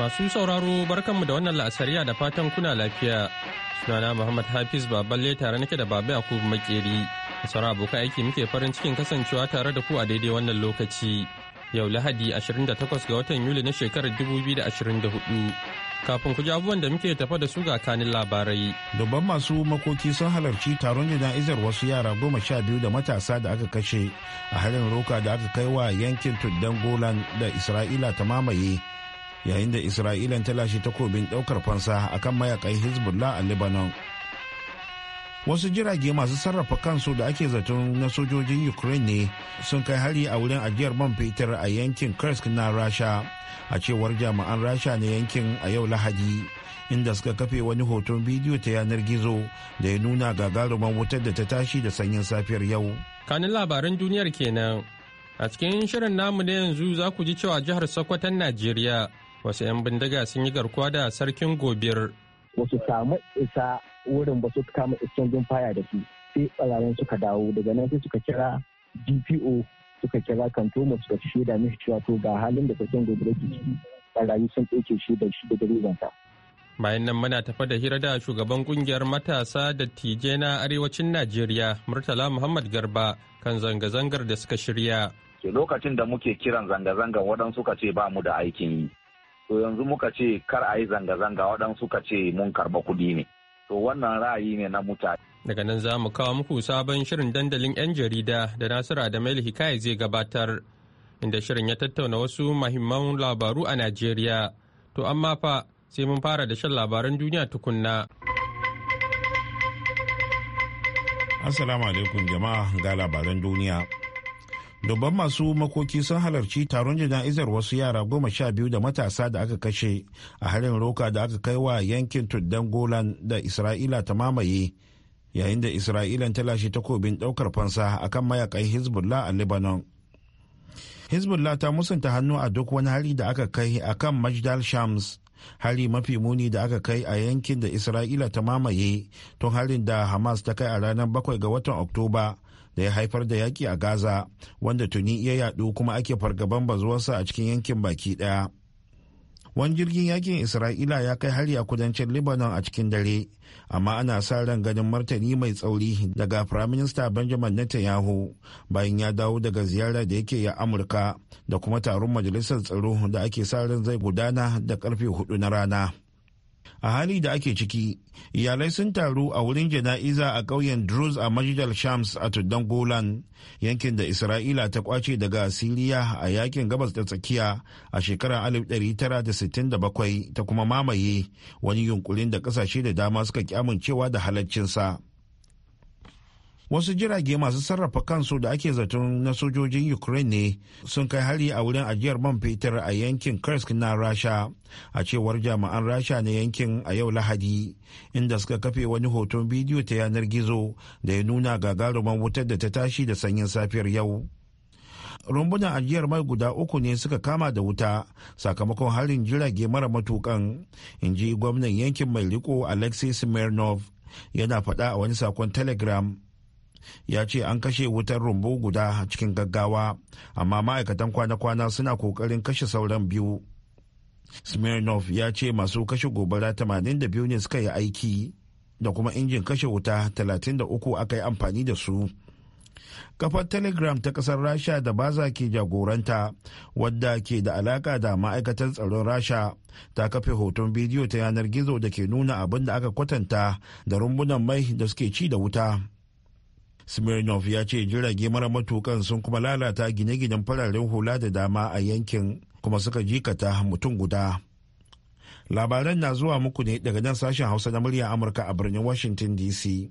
Masu sauraro barkanmu da wannan la'asariya da fatan kuna lafiya. Sunana Muhammad Hafiz Baballe tare nake da Baba Yakubu Makeri. Sauran abokan aiki muke farin cikin kasancewa tare da ku a daidai wannan lokaci. Yau Lahadi 28 ga watan Yuli na shekarar 2024. kafin ku ji abubuwan da muke tafa da su ga kanin labarai. Dubban masu makoki sun halarci taron jana'izar wasu yara goma sha biyu da matasa da aka kashe a harin roka da aka kai wa yankin tuddan Golan da Isra'ila ta mamaye yayin da isra'ila ta lashe takobin daukar fansa a kan mayakai hezbollah a lebanon wasu jirage masu sarrafa kansu da ake zaton na sojojin ukraine ne sun kai hari a wurin ajiyar man fetur a yankin kursk na rasha a cewar jami'an rasha na yankin a yau lahadi inda suka kafe wani hoton bidiyo ta yanar gizo da ya nuna gagaruman wutar da ta tashi da sanyin safiyar yau kanin labaran duniyar kenan a cikin shirin namu na yanzu za ku ji cewa jihar sokoton najeriya wasu 'yan bindiga sun yi garkuwa da sarkin gobir Wasu samu isa wurin ba su kama jin faya da su sai ɓarayen suka dawo daga nan sai suka kira dpo suka kira kantoma suka ci shaida mishi cewa to ga halin da sarkin gobir ke ciki ɓarayi sun ɗauke shi da shi da ta bayan nan muna tafa da hira da shugaban kungiyar matasa da tije na arewacin najeriya murtala muhammad garba kan zanga-zangar da suka shirya Ke lokacin da muke kiran zanga-zangar waɗansu ka ce ba mu da aikin yi to yanzu muka ce kar a yi zanga-zanga waɗansu ka ce mun karɓa kuɗi ne to wannan ra'ayi ne na mutane daga nan za mu kawo muku sabon shirin dandalin 'yan jarida da nasira da mail hikaya zai gabatar inda shirin ya tattauna wasu mahimman labaru a najeriya to amma fa sai mun fara da shan labaran duniya tukunna assalamu alaikum jama'a ga labaran duniya dubban masu makoki sun halarci taron jana'izar wasu yara goma sha biyu da matasa da aka kashe a harin roka da aka kai wa yankin tuddan golan da isra'ila ta mamaye yayin da isra'ila ta lashe takobin daukar fansa akan mayakai hezbollah a lebanon hezbollah ta musanta hannu a duk wani hari da aka kai akan majdal shams hari mafi muni da aka kai a yankin da isra'ila ta mamaye tun harin da hamas ta kai a ranar bakwai ga watan oktoba da ya haifar da yaki a gaza wanda tuni iya yadu kuma ake fargaban bazuwarsa a cikin yankin baki ɗaya wani jirgin yakin isra'ila ya kai hari a kudancin lebanon a cikin dare amma ana sa ran ganin martani mai tsauri daga firaminista benjamin netanyahu bayan ya dawo daga ziyara da yake ya amurka da kuma taron majalisar tsaro da ake sa ran zai gudana da karfe hudu na rana a hali da ake ciki iyalai sun taru a wurin jana'iza a ƙauyen druze a majidal shams a tuddan golan yankin da isra'ila ta kwace daga siriya a yakin gabas da tsakiya a shekarar 1967 ta kuma mamaye wani yunkurin da ƙasashe da dama suka kyamuncewa da halaccinsa wasu jirage masu sarrafa kansu da ake zaton na sojojin ukraine ne sun kai hari a wurin ajiyar man fetur a yankin kursk na rasha a cewar jami'an rasha na yankin a yau lahadi inda suka kafe wani hoton bidiyo ta yanar gizo da ya nuna gagaruman wutar da ta tashi da sanyin safiyar yau rumbunan ajiyar mai guda uku ne suka kama da wuta sakamakon harin jirage mara matukan in ji gwamnan yankin mai riko alexis smirnov yana faɗa a wani sakon telegram ya ce an kashe wutar rumbu guda a cikin gaggawa amma ma'aikatan kwana-kwana suna kokarin kashe sauran biyu smirnov ya ce masu kashe gobara 82 ne suka yi aiki da kuma injin kashe wuta 33 aka yi amfani da su kafar telegram ta kasar rasha da baza ke jagoranta wadda ke da alaka da ma'aikatan tsaron rasha ta kafe hoton bidiyo ta yanar gizo da ke nuna abin da aka kwatanta da rumbunan mai da suke ci da wuta smirnov ya ce jirage mara matukan sun kuma lalata gine-ginen fararen hula da dama a yankin kuma suka jikata mutum guda labaran na zuwa muku ne daga nan sashen hausa na murya amurka a birnin washington dc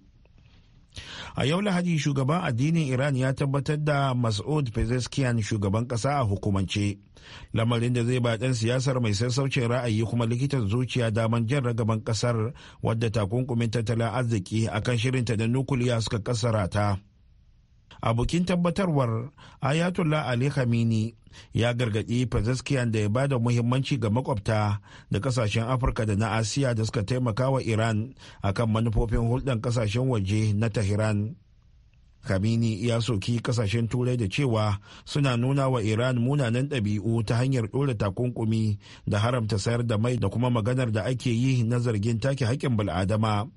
A yau Lahadi shugaban addinin Iran ya tabbatar da Mas'ud Pezeshkian shugaban ƙasa a hukumance. Lamarin da zai ba ɗan siyasar mai sassaucin ra'ayi kuma likitan zuciya daman jan ragaban ƙasar wadda takunkumin tattalin arziki akan shirinta da nukuliya suka kasara ta. abokin tabbatarwar ayatollah ali khamenei ya gargaɗi pezeskiyan da ya ba da muhimmanci ga makwabta da kasashen afirka da na asiya da suka taimaka wa iran kan manufofin hulɗar kasashen waje na tehran Kamini ya soki kasashen turai da cewa suna nuna wa Iran munanan ɗabi'u ta hanyar ɗora takunkumi da haramta sayar da mai da kuma maganar da ake yi na zargin take haƙƙin bil'adama.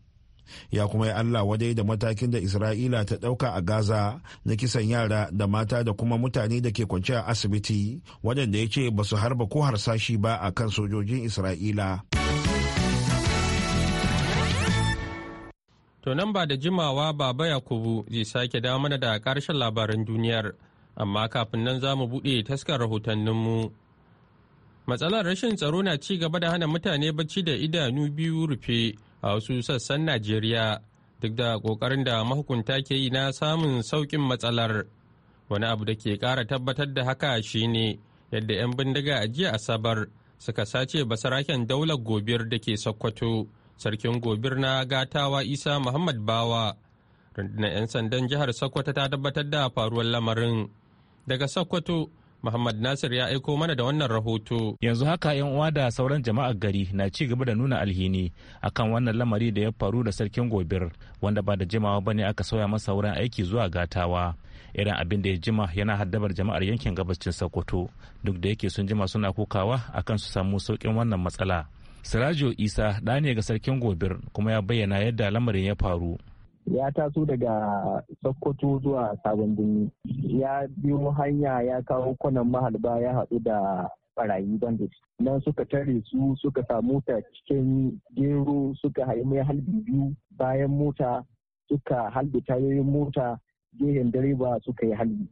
ya kuma yi Allah wadai da matakin da Isra'ila ta ɗauka a Gaza na kisan yara da mata da kuma mutane da ke kwance a asibiti waɗanda ya ce ba su harba ko harsashi ba a kan sojojin Isra'ila. To nan ba da jimawa Baba Yakubu zai sake dawo mana da karshen labaran duniyar, amma kafin nan za mu buɗe taskar rahotanninmu. Matsalar rashin tsaro na ci gaba da hana mutane bacci da idanu biyu rufe a wasu sassan najeriya duk da kokarin da mahukunta ke yi na samun sauƙin matsalar wani abu da ke kara tabbatar da haka shi ne yadda 'yan bindiga a jiya asabar suka sace basaraken daular gobir da ke sokoto sarkin gobir na gatawa isa muhammad bawa rundunar 'yan sandan jihar sokoto ta tabbatar da faruwar lamarin daga sokoto Muhammad Nasir ya aiko mana da wannan rahoto. Yanzu haka 'yan uwa da sauran jama'ar gari na ci gaba da nuna alhini akan wannan lamari da ya faru da sarkin gobir wanda ba da jimawa ba ne aka sauya masa wurin aiki zuwa gatawa. Irin abin da ya jima yana haddabar jama'ar yankin gabashin Sokoto duk da yake sun jima suna kokawa akan su samu saukin wannan matsala. Sirajo Isa ɗa ne ga sarkin gobir kuma ya bayyana yadda lamarin ya faru. ya taso daga sokoto zuwa sabon birni ya biyo hanya ya kawo kwanan mahalba ya haɗu da barayi bandit nan suka tare su suka sa mota cikin gero suka hayi mai halbi biyu bayan mota suka halbi tayoyin mota gehen direba suka yi halbi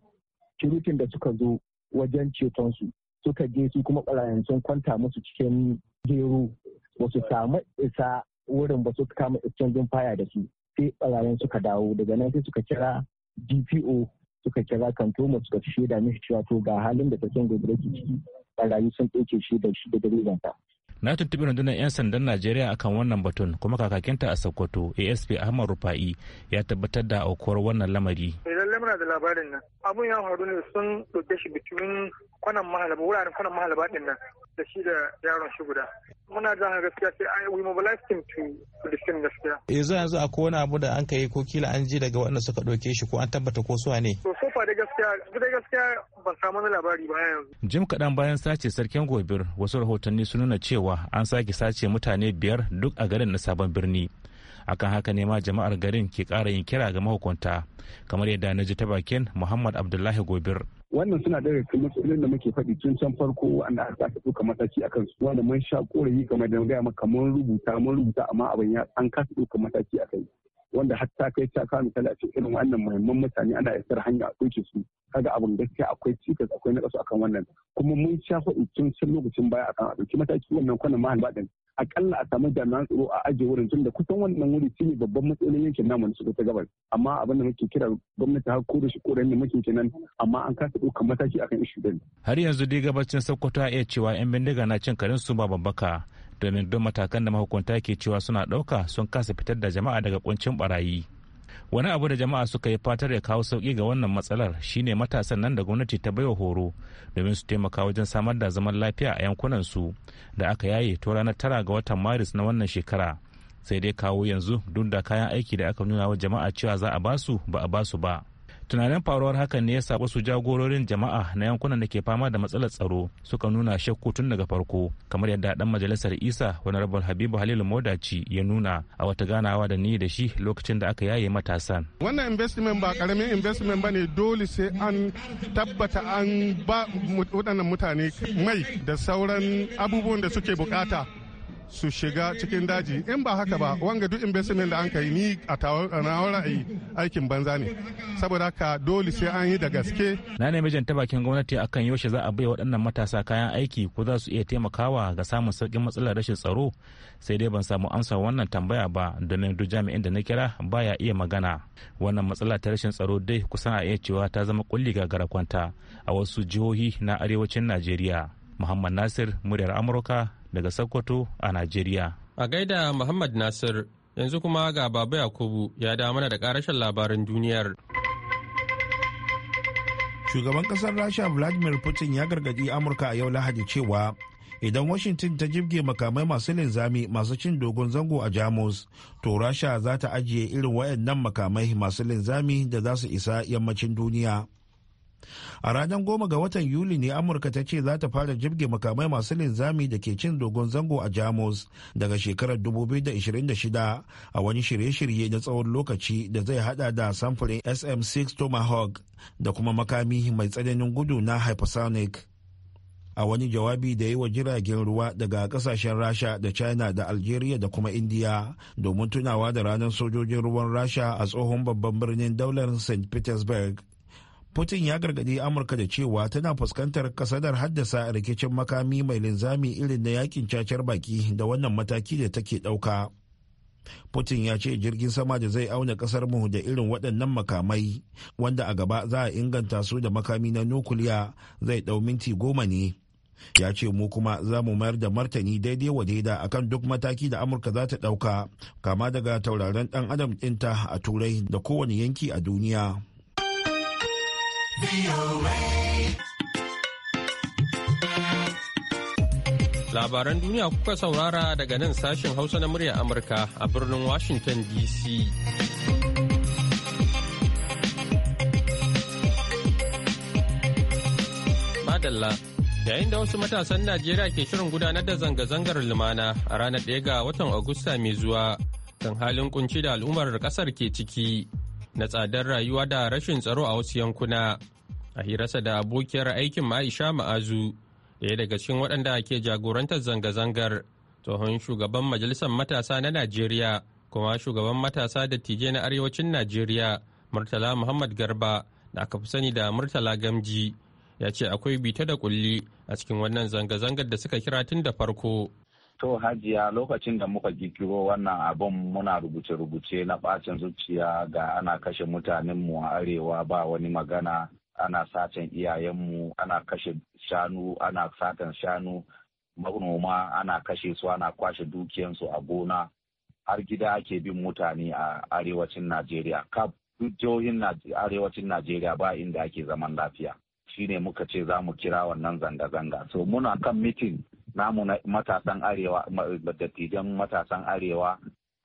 kirutin da suka zo wajen ceton su suka je su kuma barayin sun kwanta musu cikin gero ba su samu isa wurin ba su kama jin faya da su sai barayin suka dawo daga nan sai suka kira dpo suka kira kantoma suka fi shaida mishi cewa to ga halin da tafiyan gobe ke ciki barayi sun ɗauke shi da shi da direbanta na tuntuɓi rundunar 'yan sandan najeriya akan wannan batun kuma kakakinta a sokoto asp ahmad rufa'i ya tabbatar da aukuwar wannan lamari muna da labarin nan abun ya faru ne sun ɗauke shi bitumin kwanan mahalaba wuraren kwanan mahalaba din nan da shi da yaron shi guda muna da gaskiya sai ai we mobilize him to listen gaskiya yanzu yanzu akwai wani abu da an kai ko kila an ji daga wanda suka ɗauke shi ko an tabbata ko suwa ne so far da gaskiya da gaskiya ban samu wani labari ba yanzu jim kaɗan bayan sace sarkin gobir wasu rahotanni sun nuna cewa an sake sace mutane biyar duk a garin na sabon birni akan haka ne ma jama'ar garin ke ƙara yin kira ga mahukunta kamar yadda na ji ta bakin muhammad abdullahi gobir wannan suna daga cikin matsalolin da muke faɗi tun can farko wanda aka aka ɗauka mataki a kansu wanda mun sha korafi game da gaya maka mun rubuta mun rubuta amma abin ya an kasa ɗauka mataki a kai wanda har ta kai ta kawo misali a cikin irin wannan muhimman mutane ana isar hanya a ɗauke su kaga abin gaskiya akwai cikas akwai na akan wannan kuma mun sha faɗi tun can lokacin baya akan a ɗauki mataki wannan kwanan mahal baɗin akalla a samu jami'an tsaro a ajiye wurin tun da kusan wannan wuri shine babban matsalolin yankin namu na ta gabas amma abin da muke kira gwamnati har ko da shi koren da muke kenan amma an kasa ɗaukar mataki akan ishu din har yanzu dai gabacin Sokoto a iya cewa yan bindiga na cin karin su ba babbaka domin don matakan da mahukunta ke cewa suna ɗauka sun kasa fitar da jama'a daga kuncin barayi wani abu da jama'a suka yi fatar ya kawo sauki ga wannan matsalar shine matasan nan da gwamnati ta baiwa horo domin su taimaka wajen samar da zaman lafiya a yankunan su da aka yaye to ranar tara ga watan maris na wannan shekara sai dai kawo yanzu duk da kayan aiki da aka nuna wa jama'a cewa za a basu ba a basu ba tunanin faruwar hakan ne ya saba su jagororin jama'a na yankunan da ke fama da matsalar tsaro suka nuna shakku tun daga farko kamar yadda dan majalisar isa wani rabar habibu halilu modaci ya nuna a wata ganawa da ni da shi lokacin da aka yaye matasan wannan investment ba karamin investment ba ne dole sai an tabbata an ba waɗannan mutane mai da sauran abubuwan da suke bukata su shiga cikin daji in ba haka ba wanga duk investment da an kai ni a tawon ra'ayi aikin banza ne saboda haka dole sai an yi da gaske na ne mijin ta bakin gwamnati akan yaushe za a bai waɗannan matasa kayan aiki ko za su iya taimakawa ga samun sauƙin matsalar rashin tsaro sai dai ban samu amsa wannan tambaya ba domin duk jami'in da na kira baya iya magana wannan matsala ta rashin tsaro dai kusan a iya cewa ta zama kulli ga garakwanta a wasu jihohi na arewacin najeriya muhammad nasir muryar amurka daga Sokoto a Najeriya. A gaida Muhammad Nasir yanzu kuma ga Baba Yakubu ya da mana da karashin labarin duniyar. Shugaban kasar Rasha Vladimir Putin ya gargaɗi Amurka a yau Lahadi cewa idan Washington ta jibge makamai masu linzami masu cin dogon zango a Jamus, to Rasha za ta ajiye irin wayannan makamai masu linzami da za su isa yammacin duniya. a ranar goma ga watan yuli ne amurka ta ce za ta fara jibge makamai masu linzami da ke cin dogon zango a jamus daga shekarar 2026 a wani shirye-shirye na tsawon lokaci da zai hada da samfurin sm6 tomahawk da kuma makami mai tsananin gudu na hypersonic a wani jawabi da yi wa jiragen ruwa daga kasashen rasha da china da algeria da kuma india domin tunawa da ranar sojojin ruwan rasha a tsohon babban birnin daular st petersburg Putin ya gargaɗi Amurka da cewa tana fuskantar kasadar haddasa rikicin makami mai linzami irin na yakin cacar baki da wannan mataki da take ɗauka. Putin ya ce jirgin sama da zai auna kasar mu da irin waɗannan makamai wanda a gaba za a inganta su da makami na nukuliya zai ɗau minti goma ne. Ya ce mu kuma za mu mayar da martani daidai wa daida kan duk mataki da Amurka za ta ɗauka kama daga tauraron ɗan adam ɗinta a turai da kowane yanki a duniya. Labaran duniya kuka saurara daga nan sashen Hausa na murya Amurka a birnin Washington DC. Madalla, yayin da wasu matasan Najeriya ke shirin gudanar da zanga-zangar lumana a ranar 1 ga watan Agusta mai zuwa kan halin kunci da al'ummar kasar ke ciki. na tsadar rayuwa da rashin tsaro a wasu yankuna a hirarsa da abokiyar aikin ma'aisha ma'azu ɗaya daga cikin waɗanda ke jagorantar zanga-zangar tsohon shugaban majalisar matasa na najeriya kuma shugaban matasa da tije na arewacin najeriya murtala muhammad garba da aka fi sani da murtala gamji ya ce akwai bita da kulli a cikin wannan zanga-zangar da suka kira tun da farko To hajiya lokacin da muka kikiro wannan abin muna rubuce-rubuce na bacin zuciya ga ana kashe mutanenmu a arewa ba wani magana ana satan iyayenmu ana kashe shanu ana satan shanu manoma ana kashe su ana kwashe dukiyansu a gona har gida ake bin mutane a arewacin Najeriya ka duk jihohin arewacin Najeriya ba inda ake zaman lafiya shine muka ce za mu kira wannan zanga-zanga so muna kan mitin namu na matasan arewa dattijan matasan arewa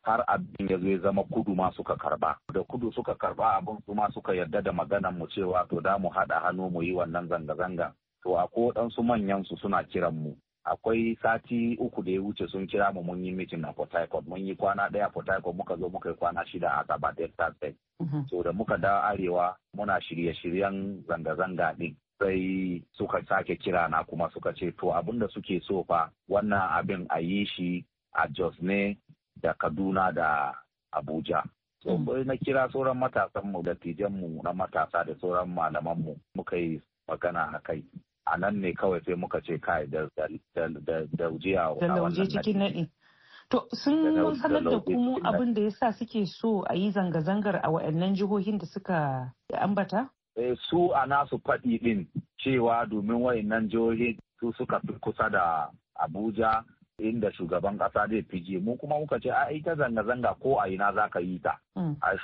har abin ya zai zama kudu ma suka karba da kudu suka karba abin su ma suka yarda da maganan mu cewa to da mu haɗa hannu mu yi wannan zanga-zanga to a ko ɗansu manyan su suna kiran mu akwai sati uku da ya wuce sun kira mu mun yi mitin a Port mun yi kwana ɗaya Port Harcourt muka zo muka yi kwana shida a Asaba Delta State so mm-hmm. da muka dawo arewa muna shirye-shiryen zanga-zanga din sai suka sake kira na kuma suka ce to abin da suke so fa wannan abin a yi shi a Jos ne da Kaduna da Abuja. So hmm. na kira sauran matasanmu da mu na matasa da sauran mu muka yi magana a kai. A nan ne kawai sai muka ce kai da daujiya a wannan cikin naɗi. To sun sanar da kuma abin da ya sa suke so a yi zanga-zangar a waɗannan jihohin da suka ambata? Eh, su a nasu faɗi ɗin cewa domin wayannan jihohi su suka fi kusa da Abuja inda shugaban ƙasa zai fije mu kuma muka ce ai ta zanga-zanga ko a ina za ka yi ta mm. a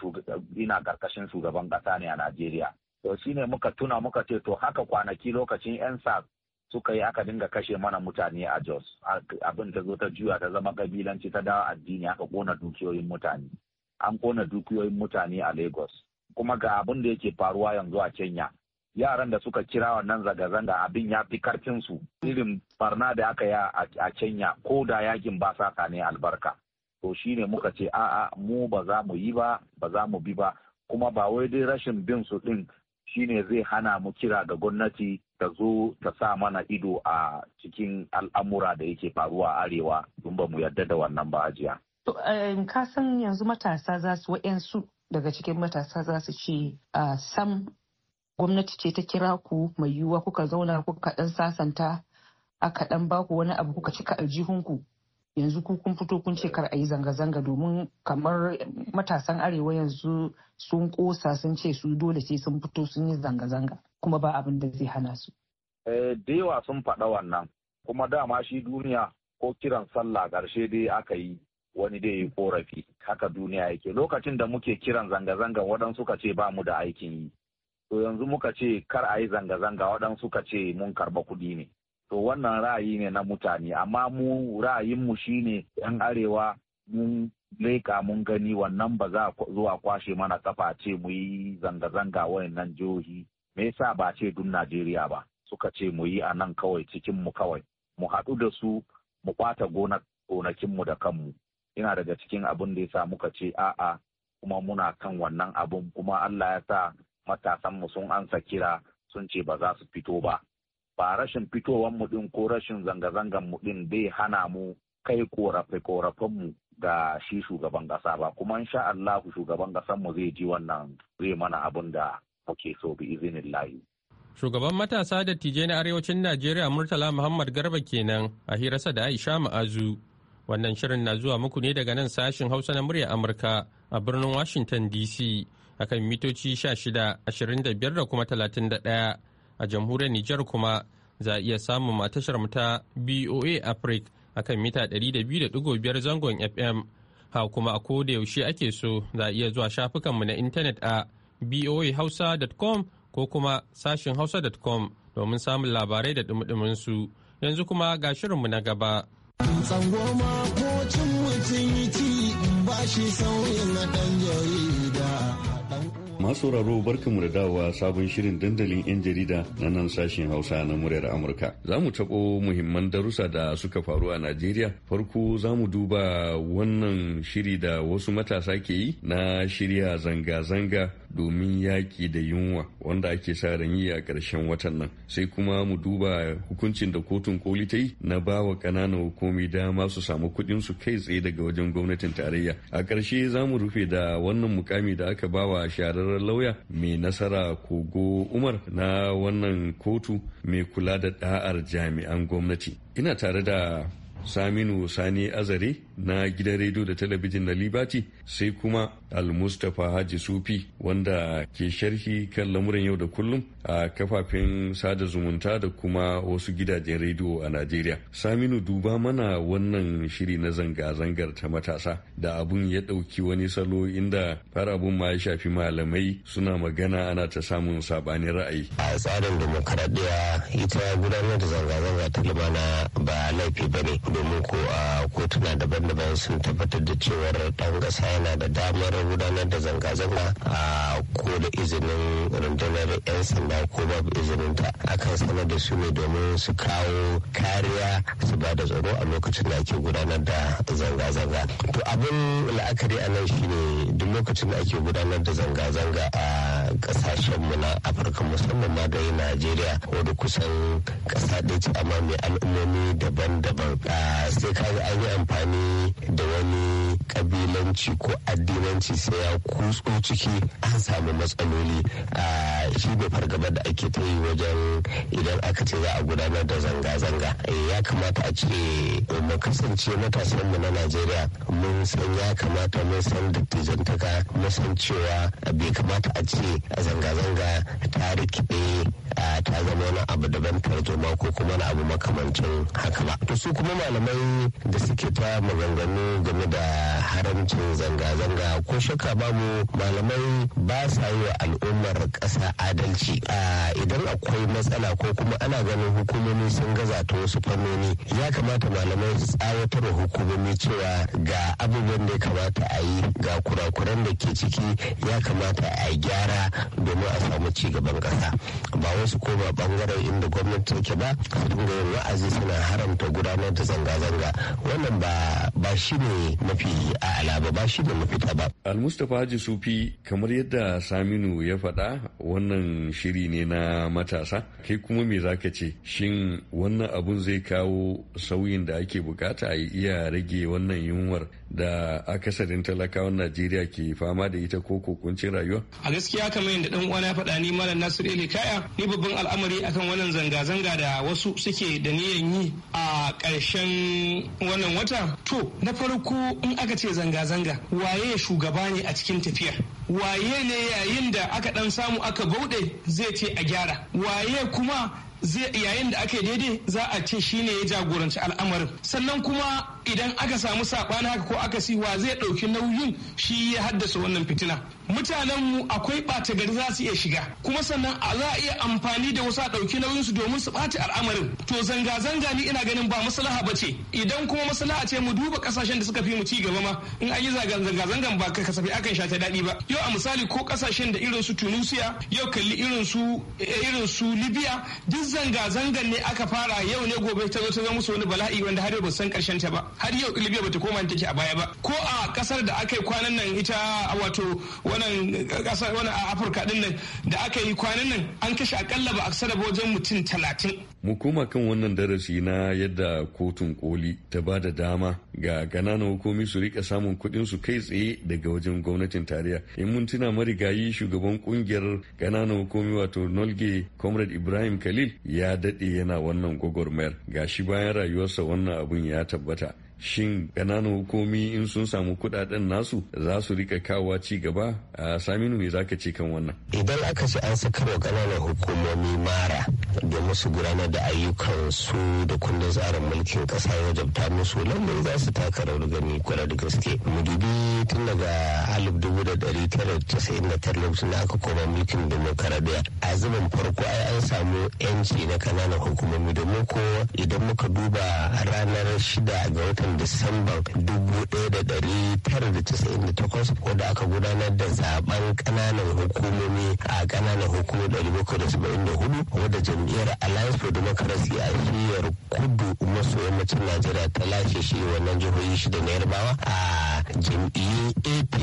ina ƙarƙashin shugaban ƙasa ne a Najeriya. To shine muka tuna muka ce to haka kwanaki lokacin 'yan sa suka yi aka dinga kashe mana mutane a Jos abin ta zo ta juya ta zama kabilanci ta dawo addini aka kona dukiyoyin mutane. An kona dukiyoyin mutane a Lagos. kuma ga abin da yake faruwa yanzu a Kenya. Yaran da suka kira wannan zanga-zanga abin ya fi karfinsu irin barna da aka yi a Kenya ko da yakin ba saka ne albarka. To shi ne muka ce a'a mu ba za mu yi ba ba za mu bi ba kuma ba wai dai rashin bin su din shine zai hana mu kira ga gwamnati ta zo ta sa mana ido a cikin al'amura da yake faruwa a arewa don ba mu yarda da wannan ba ajiya. To, eh, ka san yanzu matasa za su wa'yansu daga cikin matasa za su ce a sam gwamnati ce ta kira ku mai yiwuwa kuka zauna kuka dan sasanta aka dan baku wani abu kuka cika aljihunku yanzu ku kun fito kun ce kar a yi zanga-zanga domin kamar matasan arewa yanzu sun kosa sun ce su dole sai sun fito sun yi zanga-zanga kuma ba abin da zai hana su. Eh, da sun faɗa wannan kuma dama shi duniya ko kiran sallah ƙarshe dai aka yi wani dai yi korafi haka duniya yake lokacin da muke kiran zanga-zanga waɗansu suka ce ba mu da aikin yi to yanzu muka ce kar a yi zanga-zanga waɗansu suka ce mun karba kuɗi ne to wannan ra'ayi ne na mutane amma mu ra'ayinmu shine yan arewa mun leka mun gani wannan ba za zuwa kwashe mana kafa ce mu yi zanga-zanga wayannan jihohi me yasa ba ce dun Najeriya ba suka ce mu yi a nan kawai cikin mu kawai mu haɗu da su mu ɓata gonakinmu da kanmu yana daga cikin abin da ya sa muka ce a'a kuma muna kan wannan abun kuma Allah ya sa matasan mu sun ansa kira sun ce ba za su fito ba ba rashin fitowan mu din ko rashin zanga-zangan mu din bai hana mu kai korafe-korafen mu ga shi shugaban kasa ba kuma insha Allah shugaban kasan mu zai ji wannan zai mana abun da muke so bi izinin layi. Shugaban matasa da tije na arewacin Najeriya Murtala Muhammad Garba kenan a hirarsa da Aisha Ma'azu. Wannan shirin na zuwa muku ne daga nan sashin Hausa na murya Amurka a birnin Washington DC akan mitoci 16, da kuma 31 a jamhuriyar Nijar kuma za a iya samun matashar ta BOA Africa akan mita 200.5 zangon FM. Ha kuma a koda yaushe ake so za a iya zuwa shafukanmu na intanet a boahausa.com ko kuma sashin hausa.com domin samun labarai da dumudumin su. Yanzu kuma ga shirinmu na gaba. Tsangoma ko cin mutum yi ci ba shi ɗan jarida. Masu barkanmu da dawowa sabon shirin dandalin 'yan jarida na nan sashen Hausa na muryar Amurka. Za mu taɓo muhimman darussa da suka faru a Najeriya. Farko za mu duba wannan shiri da wasu matasa ke yi na shirya zanga-zanga domin yaƙi da yunwa wanda ake sa ran yi a ƙarshen watan nan sai kuma mu duba hukuncin da kotun koli ta yi na ba wa ƙananan hukumi dama su samu kuɗin su kai tsaye daga wajen gwamnatin tarayya a ƙarshe za mu rufe da wannan mukami da aka ba wa shahararren lauya mai nasara kogo umar na wannan kotu mai kula da da'ar jami'an gwamnati ina tare da saminu sani azare na gidan rediyo da talabijin na libati sai kuma almustapha haji sufi wanda ke sharhi kan lamuran yau da kullum a kafafen sada zumunta da kuma wasu gidajen rediyo a najeriya saminu duba mana wannan shiri na zanga-zangar ta matasa da abun ya ɗauki wani salo inda har abun ma ya shafi malamai suna magana ana ta samun sabanin ra'ayi a tsarin dimokuraɗiyya ita gudanar da zanga-zanga ta ba laifi ba ne domin ko a kotuna daban-daban sun tabbatar da cewar dan kasa yana da damar gudanar da zanga-zanga a ko da izinin rundunar 'yan sanda ko babu izinin ta akan sanar da su ne domin su kawo kariya su ba da tsaro a lokacin da ake gudanar da zanga-zanga to abin la'akari a nan shine duk lokacin da ake gudanar da zanga-zanga a kasashen mu na afirka musamman ma da najeriya wadda kusan kasa ɗaya ce amma mai al'ummomi daban-daban sai ka yi amfani da wani kabilanci ko addinanci sai ya kutso ciki an samu matsaloli a shi ne fargabar da ake ta yi wajen idan aka ce za a gudanar da zanga-zanga eh, ya kamata a ce mu kasance matasanmu na najeriya mun san ya kamata mun san dattijantaka mun san cewa bai kamata a ce zanga-zanga ta rikide ta zama wani abu daban tarzoma ko kuma na abu makamancin haka ba to su kuma malamai da suke ta maganganu game da haramcin zanga-zanga ko shakka babu malamai ba sa yi wa al'ummar ƙasa adalci idan akwai matsala ko kuma ana ganin hukumomi sun gaza ta wasu fannoni ya kamata malamai su tsawatar wa hukumomi cewa ga abubuwan da ya kamata a yi ga kurakuran da ke ciki ya kamata a gyara domin a samu ci gaban ƙasa ba wasu ko ba bangaren inda gwamnati take ba su dinga yin wa'azi suna haramta gudanar da zanga-zanga wannan ba shi ne mafi A alaba ba shi da mafita ba. Mustapha Haji Sufi kamar yadda Saminu ya faɗa wannan shiri ne na matasa kai kuma me zaka ce shin wannan abun zai kawo sauyin da ake bukata a iya rage wannan yunwar da akasarin talakawan Najeriya ke fama da ita ko kokuncin rayuwa? A gaskiya kamar yadda dan uwana faɗa ni malam Nasir Eli Kaya ni babban al'amari akan wannan zanga-zanga da wasu suke da niyan yi a ƙarshen wannan wata. To na farko in aka ce zanga-zanga waye shugaba ne a cikin tafiya Waye ne yayin da aka ɗan samu aka bauɗe zai ce a gyara? Waye kuma yayin da aka daidai za a ce shine ya jagoranci al'amarin sannan kuma idan aka samu saɓani haka ko aka siwa zai ɗauki nauyin shi ya haddasa wannan fitina mutanen mu akwai ɓata gari za su iya shiga kuma sannan a za iya amfani da wasu a ɗauki nauyin su domin su ɓata al'amarin to zanga-zanga ni ina ganin ba maslaha ba ce idan kuma maslaha ce mu duba kasashen da suka fi mu ci gaba ma in an yi zanga-zangan ba ka kasafi akan sha ta daɗi ba yau a misali ko kasashen da irin su tunisia yau kalli irin su eh, irin su libya duk zanga-zangan ne aka fara yau ne gobe ta zo ta zama musu wani bala'i wanda har yau ba san karshen ta ba har yau libya bata koma take a baya ba ko a kasar da aka yi kwanan nan ita wato wannan kasar wannan a afirka din nan da aka yi kwanan nan an kashe akalla ba aksara ba wajen mutum talatin mu koma kan wannan darasi na yadda kotun koli ta ba da dama ga ganana hukumi su rika samun kudin su kai tsaye daga wajen gwamnatin tarayya in mun tuna marigayi shugaban kungiyar ganana hukumi wato nolge comrade ibrahim khalil ya dade yana wannan gwagwarmayar ga shi bayan rayuwarsa wannan abun ya tabbata shin ƙananan hukumi in sun samu kuɗaɗen nasu za su rika kawowa ci gaba a saminu me zaka ce kan wannan idan aka ce an sakar wa ƙananan hukumomi mara domin su gudanar da ayyukan su da kundin tsarin mulkin ƙasa ya jabta musu lallai za su taka rawar gani kwarar da gaske mu dubi tun daga alif dubu da ɗari tara casa'in da tara lokacin da aka koma mulkin demokaradiyya a farko ai an samu yanci na ƙananan hukumomi domin ko idan muka duba ranar shida ga watan watan disamban 1998 wadda aka gudanar da zaben kananan hukumomi a kananan hukumomi 774 wadda jam'iyyar alliance for democracy a shiyar kudu maso yammacin najeriya ta lashe shi wannan jihohi shida na yarbawa a jam'iyyun app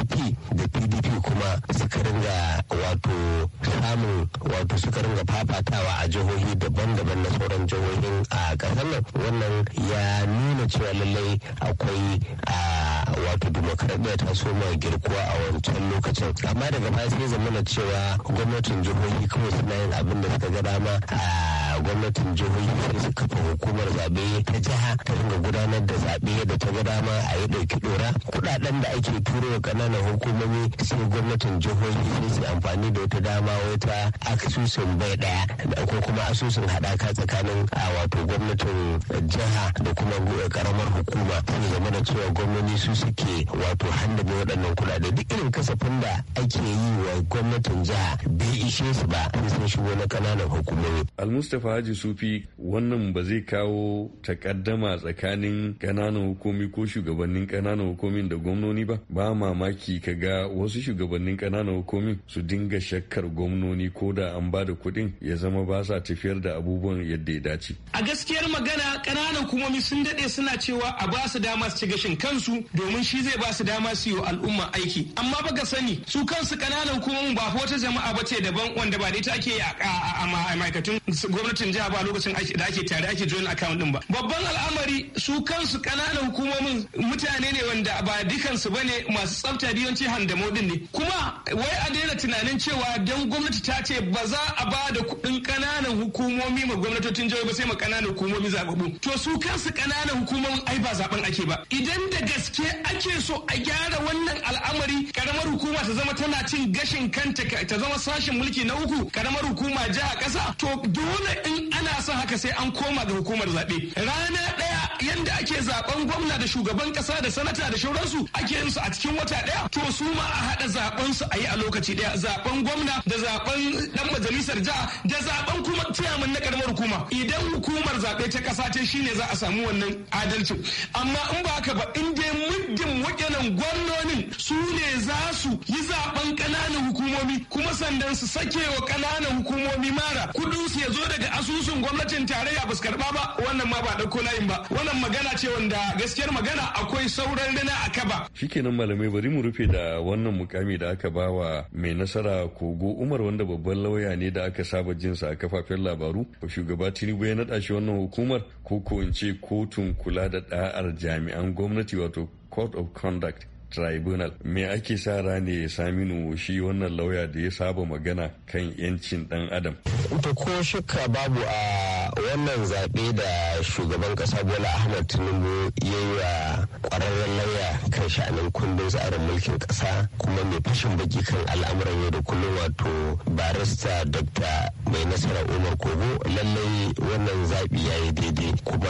da pdp kuma suka ringa wato samun wato suka ringa fafatawa a jihohi daban-daban na sauran jihohin a kasar nan wannan ya nuna cewa lallai akwai a wato dimokuraɗiyya ta soma girkuwa a wancan lokacin amma daga baya sai zamana cewa gwamnatin jihohi kawai suna yin abin da suka ga dama a gwamnatin jihohi sai su kafa hukumar zaɓe ta jiha ta dinga gudanar da zaɓe da ta ga dama a yi ɗauki ɗora kuɗaɗen da ake turo wa ƙananan hukumomi sai gwamnatin jihohi sai su amfani da wata dama wata asusun bai ɗaya ko kuma asusun haɗaka tsakanin a wato gwamnatin jiha da kuma eh, ƙaramar hukuma ta zama da cewa gwamnoni su suke wato handame waɗannan kuɗaɗe duk irin kasafin da ake yi wa gwamnatin jiha bai ishe su ba sai sun shigo na ƙananan hukumomi. al alfahaji sufi wannan ba zai kawo takaddama tsakanin ƙananan hukumi ko shugabannin ƙananan hukumin da gwamnoni ba ba mamaki ka ga wasu shugabannin ƙananan hukumin su dinga shakkar gwamnoni ko da an ba da kuɗin ya zama ba sa tafiyar da abubuwan yadda ya dace a gaskiyar magana ƙananan hukumomi sun daɗe suna cewa a ba su dama su ci gashin kansu domin shi zai ba su dama su yi al'umma aiki amma baka sani su kansu ƙananan hukumomin ba wata jama'a ba ce daban wanda ba da ita ake a ma'aikatun gwamnati gwamnatin jiha ba lokacin da ake tare ake join account din ba babban al'amari su kansu kananan hukumomin mutane ne wanda ba dukansu bane masu tsafta yawanci handamo din ne kuma wai a daina tunanin cewa dan gwamnati ta ce ba za a ba da kuɗin kananan hukumomi ma gwamnatocin jihohi ba sai ma kananan hukumomi zababbu to su kansu kananan hukumomin ai ba zaben ake ba idan da gaske ake so a gyara wannan al'amari karamar hukuma ta zama tana cin gashin kanta ta zama sashin mulki na uku karamar hukuma jiha kasa to dole in ana son haka sai an koma ga hukumar zaɓe rana ɗaya yadda ake zaben gwamna da shugaban kasa da sanata da shauransu ake yin su a cikin wata ɗaya to su ma a haɗa zaben su a yi a lokaci daya zaben gwamna da zaben dan majalisar jiha da zaben kuma ciyaman na karamar hukuma idan hukumar zaɓe ta ƙasa ce shine za a samu wannan adalcin amma in ba haka ba in dai muddin wakilan gwamnonin su ne za su yi zaben ƙananan hukumomi kuma sannan su sake wa ƙananan hukumomi mara kudin su ya zo daga asusun gwamnatin tarayya ba su karba ba wannan ma ba dauko layin ba wannan magana ce wanda gaskiyar magana akwai sauran rana a kaba shikenan malamai bari mu rufe da wannan mukami da aka ba wa mai nasara kogo umar wanda babban lauya ne da aka saba jinsa a kafafen labaru ba shugaba tinubu ya naɗa shi wannan hukumar ko ko in ce kotun kula da ɗa'ar jami'an gwamnati wato court of conduct tribunal me ake sa rane saminu shi wannan lauya da ya saba magana kan yancin dan adam ta ko shakka babu a wannan zaɓe da shugaban ƙasa bola ahmad tinubu ya yi wa ƙwararren lauya kan sha'anin kundin tsarin mulkin ƙasa kuma mai fashin baki kan al'amuran yau da kullum wato barista dr mai nasara umar kogo lallai wannan zaɓi ya yi daidai kuma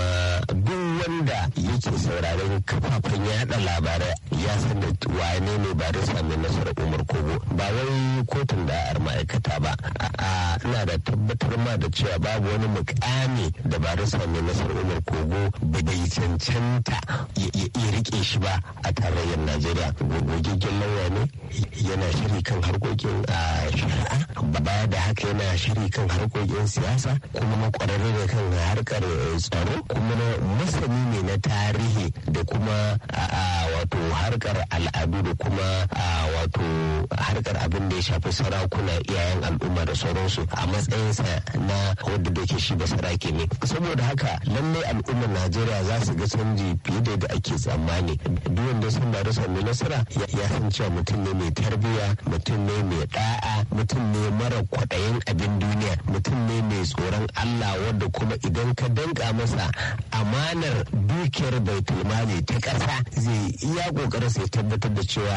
duk wanda yake sauraron kafafen yaɗa labarai ya sanin wane ne da sami nasarar umar kogo ba wai kotun da a ma'aikata ba a ina da tabbatar ma da cewa babu wani mukami da da sami nasarar umar kogo ba bai cancanta ya rike shi ba a tarayyar najeriya gogogin lauya ne yana shiri kan harkokin shari'a baya da haka yana shiri kan harkokin siyasa kuma kwararre da kan harkar eh, tsaro kuma na masani ne na tarihi da kuma wato harkar harkar al'adu da kuma a wato harkar abin da ya shafi sarakuna iyayen al'umma da sauransu a matsayinsa na wadda da ke shi ba saraki ne saboda haka lallai al'ummar najeriya za su ga canji fiye da yadda ake tsammani duk wanda sun ba da sami nasara ya san cewa mutum ne mai tarbiyya mutum ne mai da'a mutum ne mara kwaɗayin abin duniya mutum ne mai tsoron allah wadda kuma idan ka danka masa amanar dukiyar baitulmali ta ƙasa zai iya ƙoƙarin sai tabbatar da cewa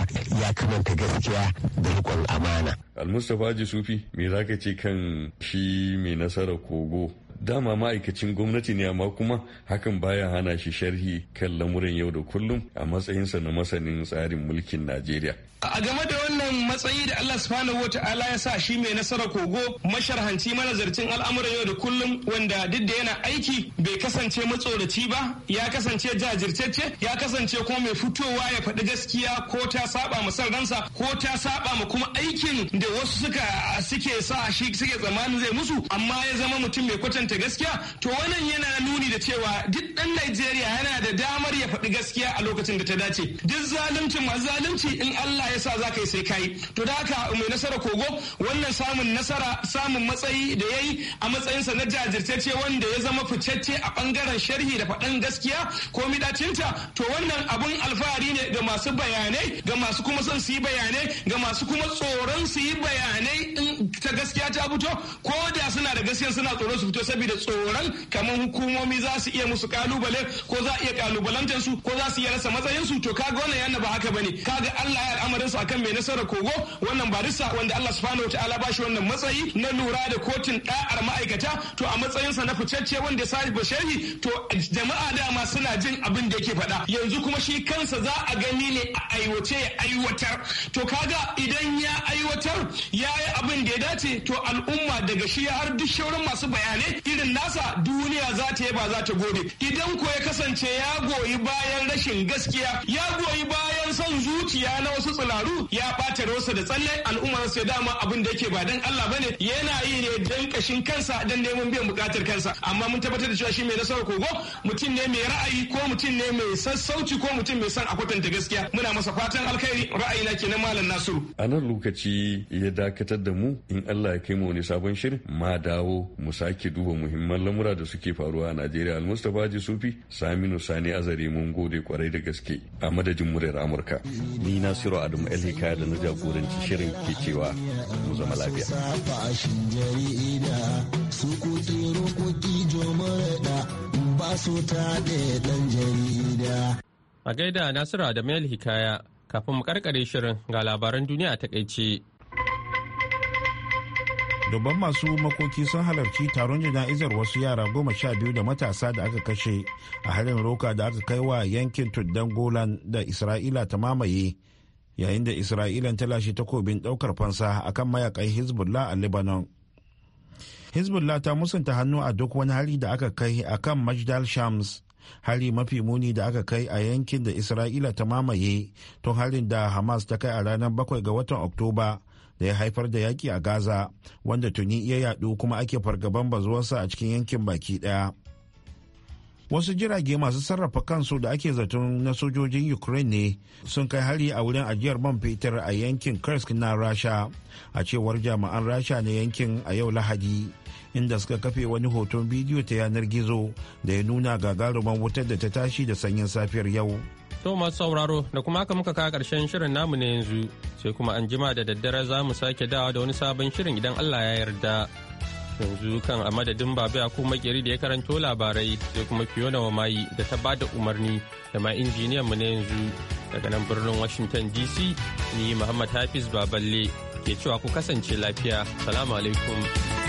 ya kamanta gaskiya da riƙon amana. Almustapha Haji Sufi me za ka ce kan shi mai nasara kogo dama ma'aikacin gwamnati ne amma kuma hakan baya hana shi sharhi kan lamuran yau da kullum a matsayinsa na masanin tsarin mulkin najeriya a game da wannan matsayi da allah subhanahu wa ta'ala ya sa shi mai nasara kogo masharhanci manazarcin al'amuran yau da kullum wanda duk da yana aiki bai kasance matsoraci ba ya kasance jajirtacce ya kasance kuma mai fitowa ya faɗi gaskiya ko ta saba ma san ransa ko ta saba ma kuma aikin da wasu suka suke sa shi suke tsammanin zai musu amma ya zama mutum mai kwatanta ta gaskiya to wannan yana nuni da cewa duk dan Najeriya yana da damar ya faɗi gaskiya a lokacin da ta dace duk zalunci masu zalunci in Allah ya sa za yi sai kai to da haka mai nasara kogo wannan samun nasara samun matsayi da yayi a matsayin sa na jajirtacce wanda ya zama fitacce a bangaren sharhi da faɗan gaskiya ko midacinta to wannan abun alfahari ne ga masu bayanai ga masu kuma son su yi bayanai ga masu kuma tsoron su yi bayanai in ta gaskiya ta fito ko da suna da gaskiya suna tsoron su fito da tsoron kamar hukumomi za su iya musu kalubale ko za iya kalubalantar su ko za su iya rasa matsayin su to kaga wannan yana ba haka bane kaga Allah ya al'amarin su akan mai nasara kogo wannan barista wanda Allah subhanahu wataala ba shi wannan matsayi na lura da kotun da'ar ma'aikata to a matsayin sa na ficecce wanda sai bashari to jama'a dama suna jin abin da yake faɗa yanzu kuma shi kansa za a gani ne a aiwace ya aiwatar to kaga idan ya aiwatar ya yi abin da ya dace to al'umma daga shi har duk shauran masu bayanai irin nasa duniya za ta yi ba za ta gode idan ko ya kasance ya goyi bayan rashin gaskiya ya goyi bayan son zuciya na wasu tsiraru ya ɓata rosa da tsalle al'ummar sai dama abin da yake ba dan Allah bane yana yi ne dan kashin kansa dan neman biyan bukatar kansa amma mun tabbatar da cewa shi mai nasarar kogo mutum ne mai ra'ayi ko mutum ne mai sassauci ko mutum mai son a kwatanta gaskiya muna masa fatan alkhairi na kenan malam nasiru a nan lokaci ya dakatar da mu in Allah ya kai mu wani sabon shirin ma dawo mu sake duba muhimman lamura da suke faruwa a Najeriya Almustapha sufi Saminu Sani Azare mun gode kwarai da gaske a madadin muryar Amurka. Ni Nasiru Adamu Elhika da na jagoranci shirin ke cewa mu zama lafiya. A gaida Nasiru Adamu Elhikaya kafin mu karkare shirin ga labaran duniya a takaice. dubban masu makoki sun halarci taron jana'izar wasu yara goma sha biyu da matasa da aka kashe a harin roka da aka kai wa yankin tuddan golan da isra'ila ta mamaye yayin da isra'ila ta lashe takobin daukar fansa akan mayakai hezbollah a lebanon hezbollah ta musanta hannu a duk wani hari da aka kai akan majdal shams hari mafi muni da aka kai a yankin da isra'ila ta mamaye tun harin da hamas ta kai a ranar 7 ga watan oktoba da ya haifar da yaƙi a gaza wanda tuni iya yaɗu kuma ake fargaban bazuwarsa a cikin yankin baki ɗaya wasu jirage masu sarrafa kansu da ake zaton na sojojin ukraine ne sun kai hari a wurin ajiyar man fetur a yankin kursk na rasha a cewar jami'an rasha na yankin a yau lahadi inda suka kafe wani hoton bidiyo ta yanar gizo da ya nuna gagaruman wutar da ta tashi da sanyin safiyar yau. To masu sauraro da kuma aka muka kawo karshen shirin namu na yanzu sai kuma an jima da daddare za mu sake dawa da wani sabon shirin idan Allah ya yarda. Yanzu kan a madadin babu ya kuma makeri da ya karanto labarai sai kuma Fiona mayi da ta bada umarni da ma injiniyan mu na yanzu daga nan birnin Washington DC ni Muhammad Hafiz Baballe ke cewa ku kasance lafiya. Salamu alaikum.